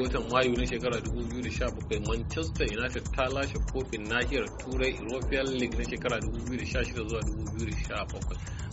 ga watan mayu na shekara 2017 manchester united ta lashe kofin nahiyar turai european league na shekara 2016 zuwa 2017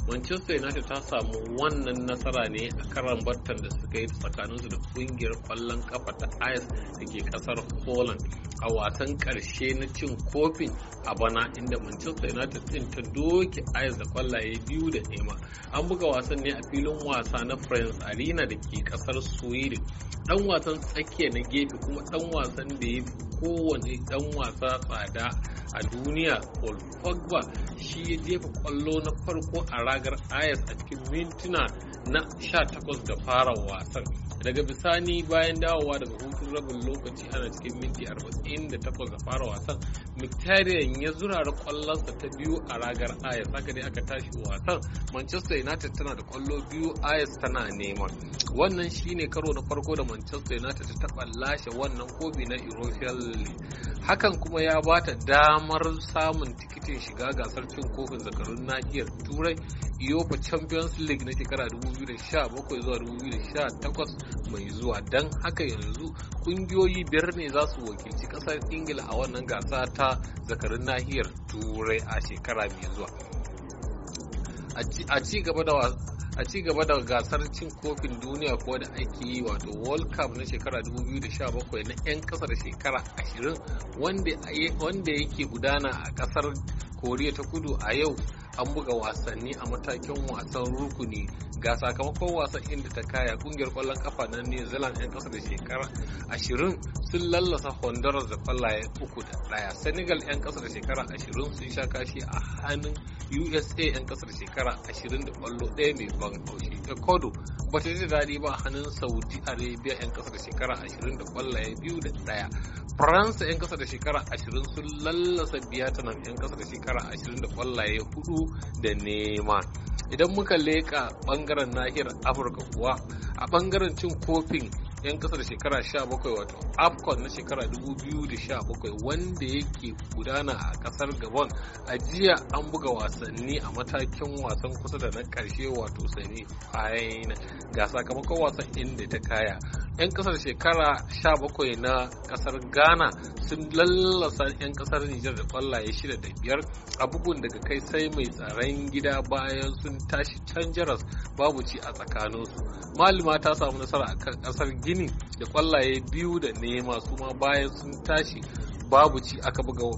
manchester united ta samu wannan nasara ne a karan battan da suka yi tsakaninsu da kungiyar kwallon kafa ta Ajax da ke kasar poland a wasan karshe na cin kofin a bana inda manchester united din ta doke Ajax da kwallaye biyu da nema an buga wasan ne a filin wasa na france arena da ke kasar sweden dan wasan tsakiya na gefe kuma dan wasan da ya kowane dan wasa tsada a duniya Paul Pogba shi ya jefa kwallo na farko a ragar Ayas a cikin mintuna na 18 da fara wasan. daga bisani bayan dawowa daga hutun rabin lokaci ana cikin minti 48 da takwas da fara wasan mkhitaryan ya zurara kwallonsa ta biyu a ragar ayas haka dai aka tashi wasan manchester united tana da kwallo biyu ayas tana nema wannan shine karo na farko da manchester united ta taba lashe wannan kofi na european league hakan kuma ya ba ta damar samun tikitin shiga gasar cin kofin zakarun nahiyar turai iyopa champions league na shekara 2017 zuwa 2018 mai zuwa don haka yanzu kungiyoyi biyar ne za su wakilci kasar ingila a wannan gasa ta zakarun nahiyar turai a shekara mai zuwa a ci gaba da a ci gaba da gasar cin kofin duniya ko da ake yi wato world cup na shekara 2017 na 'yan kasa shekara 20 wanda yake gudana a kasar koriya ta kudu a yau an buga wasanni a matakin wasan rukuni ga sakamakon wasan inda ta kaya kungiyar kwallon kafa na new zealand 'yan kasa da shekara 20 sun lallasa honduras da kwallaye uku da daya senegal 'yan kasa da shekara 20 sun sha kashi a hannun usa 'yan kasa da shekara 20 da kwallo daya mai ban haushi ecuador ba ta ji daɗi ba a hannun saudi arabia 'yan ƙasa da shekara 20 da kwallaye biyu da ɗaya faransa 'yan ƙasa da shekara 20 sun lallasa nan 'yan ƙasa da shekara 20 da kwallaye hudu da nema idan muka leƙa ɓangaren nahiyar afirka kuwa a ɓangaren cin kofin 'yan kasar shekara 17 wato afcon na shekara 2017 wanda yake gudana a kasar gabon a jiya an buga wasanni a matakin wasan kusa da na karshe wato semi final ga sakamakon wasan inda ta kaya 'yan kasar shekara 17 na kasar ghana sun lallasa 'yan kasar nijar da kwallaye 6 da biyar a bugun daga kai sai mai tsaron gida bayan sun tashi can jaras babu ci a tsakaninsu malima ta samu nasara a kan kasar gini da kwallaye biyu da nema su ma bayan sun tashi babu ci aka buga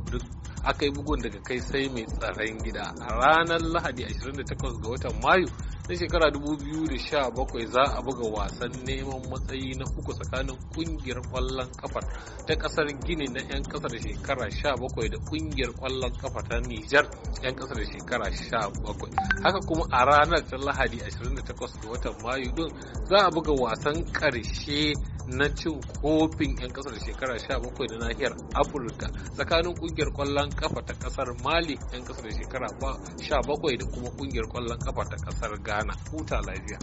aka yi bugun daga kai sai mai tsaron gida a ranar lahadi 28 ga watan mayu na shekara 2017 za a buga wasan neman matsayi na uku tsakanin kungiyar kwallon kafa ta kasar gini na 'yan kasar shekara 17 da kungiyar kwallon kafa ta nijar 'yan kasar shekara 17 haka kuma a ranar ta lahadi 28 ga watan mayu din za a buga wasan karshe na cin kofin 'yan kasar shekara 17 da nahiyar afirka tsakanin kungiyar kwallon kafa ta kasar mali 'yan kasar shekara 17 da kuma kungiyar kwallon kafa ta kasar ghana Ghana. Huta lafiya.